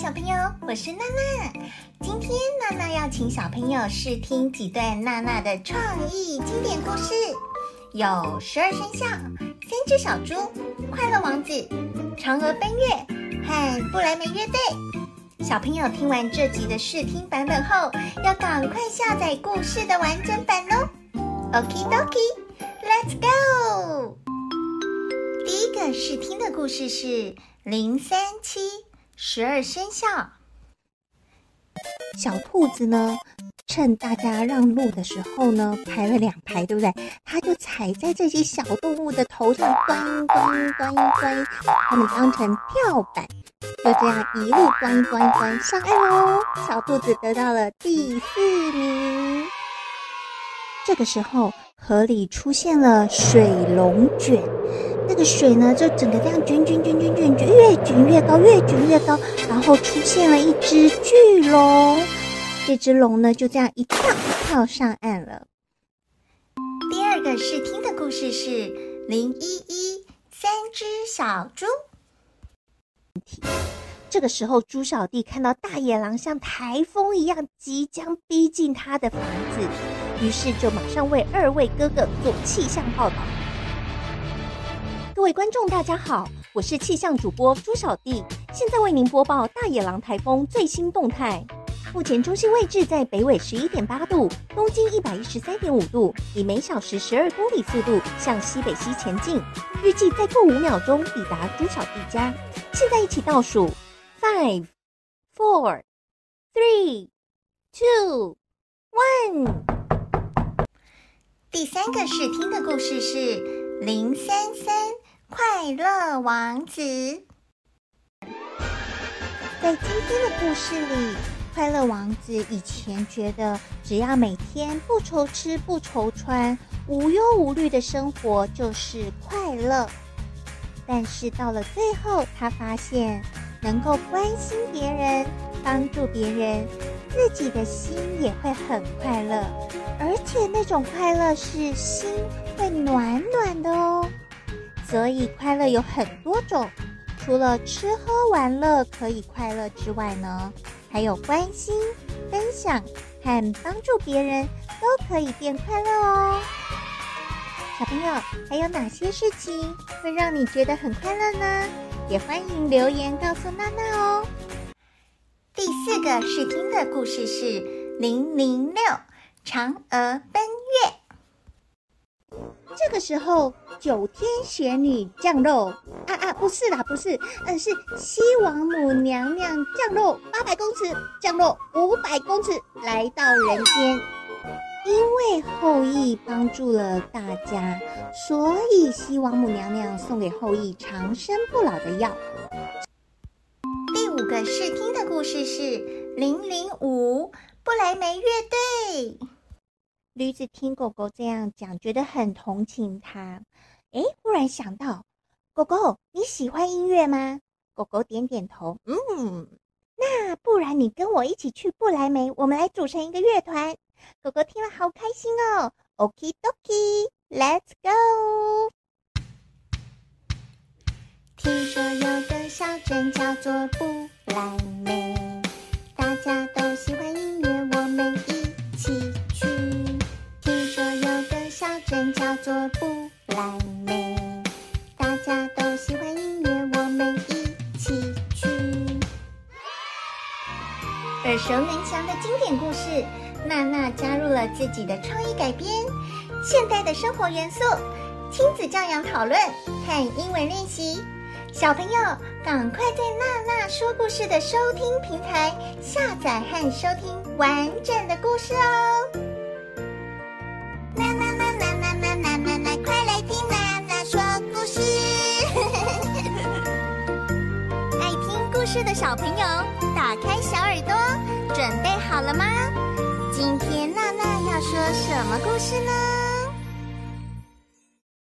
小朋友，我是娜娜。今天娜娜要請小朋友試聽幾段娜娜的創意經典故事，有十二生肖、三隻小豬、快樂王子、嫦娥奔月和布萊梅樂隊。小朋友聽完這集的試聽版本後，要趕快下載故事的完整版哦。Okie dokie，let's go。第一個試聽的故事是零三七。十二生肖，小兔子呢，趁大家讓路的時候呢，排了兩排，對不對？它就踩在這些小動物的頭上，鑽、鑽、鑽、鑽，把它們當成跳板，就這樣一路鑽、鑽、鑽上岸嘍。小兔子得到了第四名。這個時候，河裡出現了水龍卷。那個水呢，就整個這樣卷卷卷卷卷，越卷越高，越卷越高，然後出現了一隻巨龍。這隻龍呢，就這樣一跳一跳上岸了。第二個試聽的故事是《零一一三隻小豬》。這個時候，豬小弟看到大野狼像台風一樣即將逼近他的房子，於是就馬上為二位哥哥做氣象報道。各位觀眾，大家好，我是氣象主播豬小弟，現在為您播報大野狼颱風最新動態。目前中心位置在北緯十一點八度，東經一百一十三點五度，以每小時十二公里速度向西北西前進。預計再過五秒鐘抵達豬小弟家。現在一起倒數：five, four, three, two, one。5, 4, 3, 2, 第三個試聽的故事是零三三。快樂王子。在今天的故事裡，快樂王子以前覺得只要每天不愁吃不愁穿，無憂無慮的生活就是快樂。但是到了最後，他發現能夠關心別人、幫助別人，自己的心也會很快樂，而且那種快樂是心會暖暖的哦。所以快樂有很多種，除了吃喝玩樂可以快樂之外呢，還有關心、分享和幫助別人都可以變快樂哦。小朋友，還有哪些事情會讓你覺得很快樂呢？也歡迎留言告訴娜娜哦。第四個試聽的故事是《零零六嫦娥奔月》。這個時候。九天玄女降落，啊啊，不是啦，不是，嗯、呃，是西王母娘娘降落，八百公尺降落五百公尺來到人間，因為后羿幫助了大家，所以西王母娘娘送給后羿長生不老的藥。第五個試聽的故事是零零五布萊梅樂隊。驢子聽狗狗這樣講，覺得很同情它。哎，忽然想到，狗狗你喜歡音樂嗎？狗狗點點頭。嗯，那不然你跟我一起去布萊梅，我們來組成一個樂團。狗狗聽了好開心哦。Okey dokey, let's go。聽說有個小鎮叫做布萊梅，大家都喜歡音。人叫做布萊梅，大家都喜歡音樂，我們一起去。耳熟能詳的經典故事，娜娜加入了自己的創意改編，現代的生活元素，親子教養討論和英文練習。小朋友，趕快在娜娜說故事的收聽平台下載和收聽完整的故事哦！是的，小朋友，打開小耳朵，準備好了嗎？今天娜娜要說什麼故事呢？